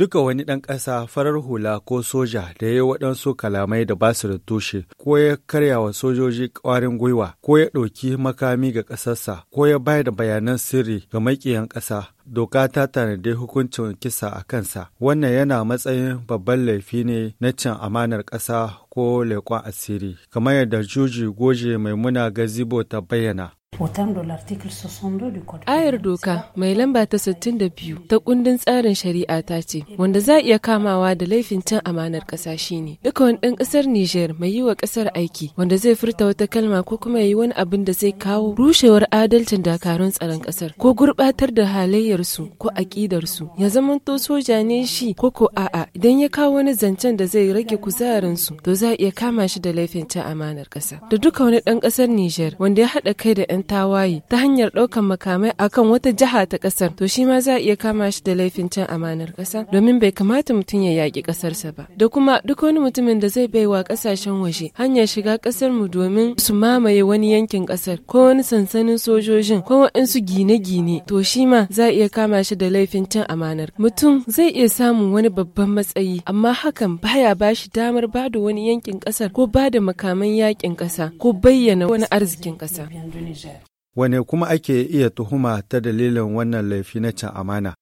Duka wani ɗan ƙasa farar hula ko soja da ya yi waɗansu kalamai da basu da tushe ko ya karya wa sojoji ƙwarin gwiwa ko ya ɗauki makami ga ƙasarsa ko ya bayar da bayanan sirri ga maƙiyan ƙasa doka ta tanadi hukuncin kisa a kansa wannan yana matsayin babban laifi ne na cin amanar ƙasa ko leƙon asiri kamar yadda juji goje maimuna gazibo ta bayyana Ayar doka mai lamba ta 62 ta kundin tsarin shari'a ta ce wanda za iya kamawa da laifin cin amanar ƙasa shine duka wani ɗan ƙasar Nijar mai yi wa ƙasar aiki wanda zai furta wata kalma ko kuma yi wani abin da zai kawo rushewar adalcin dakarun tsaron ƙasar ko gurɓatar da halayyarsu ko aƙidarsu ya zamanto soja ne shi ko ko a'a idan ya kawo wani zancen da zai rage kuzarinsu to za a iya kama shi da laifin cin amanar ƙasa da duka wani ɗan ƙasar Nijar wanda ya haɗa kai da 'yan 'yan tawaye ta hanyar ɗaukan makamai akan wata jiha ta ƙasar to shi ma za a iya kama shi da laifin cin amanar ƙasa domin bai kamata mutum ya yaƙi ƙasarsa ba da kuma duk wani mutumin da zai baiwa ƙasashen waje hanyar shiga ƙasar domin su mamaye wani yankin ƙasar ko wani sansanin sojojin ko waɗansu gine-gine to shi ma za a iya kama shi da laifin cin amanar mutum zai iya samun wani babban matsayi amma hakan baya ba shi damar ba da wani yankin ƙasar ko ba da makaman yaƙin ƙasa ko bayyana wani arzikin ƙasa. wane kuma ake iya tuhuma ta dalilin wannan laifi na cin amana.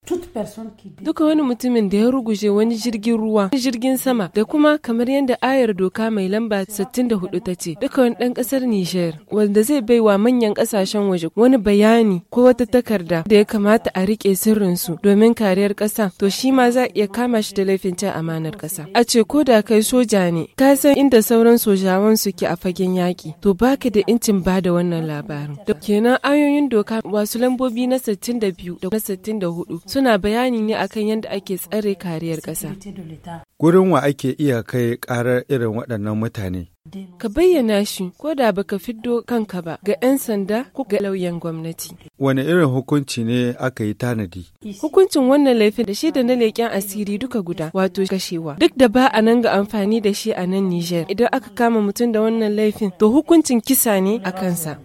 Duka wani mutumin da ya ruguje wani jirgin ruwa, jirgin sama da kuma kamar yadda ayar doka mai lamba 64 ta ce, duka wani dan ƙasar Nijar wanda zai bai wa manyan ƙasashen waje wani bayani ko wata takarda da ya kamata a riƙe sirrinsu domin kariyar ƙasa, to shi ma za iya kama shi da laifin cin amanar ƙasa. A ce ko da kai soja ne, ka san inda sauran sojawan suke a fagen yaƙi, to baka da incin ba da wannan labarin. Kenan ayoyin doka wasu lambobi na 62 da na 64 suna bayani ne akan yadda ake tsare kariyar ƙasa. Gurin wa ake iya kai ƙarar irin waɗannan mutane? Ka bayyana shi ko da baka fiddo kanka ba ga 'yan sanda ko ga lauyan gwamnati. Wane irin hukunci ne aka yi tanadi? Hukuncin wannan laifin da shi da na leƙen asiri duka guda wato kashewa. Duk da ba a nan ga amfani da shi a nan Nijar. Idan aka kama mutum da wannan laifin to hukuncin kisa ne a kansa.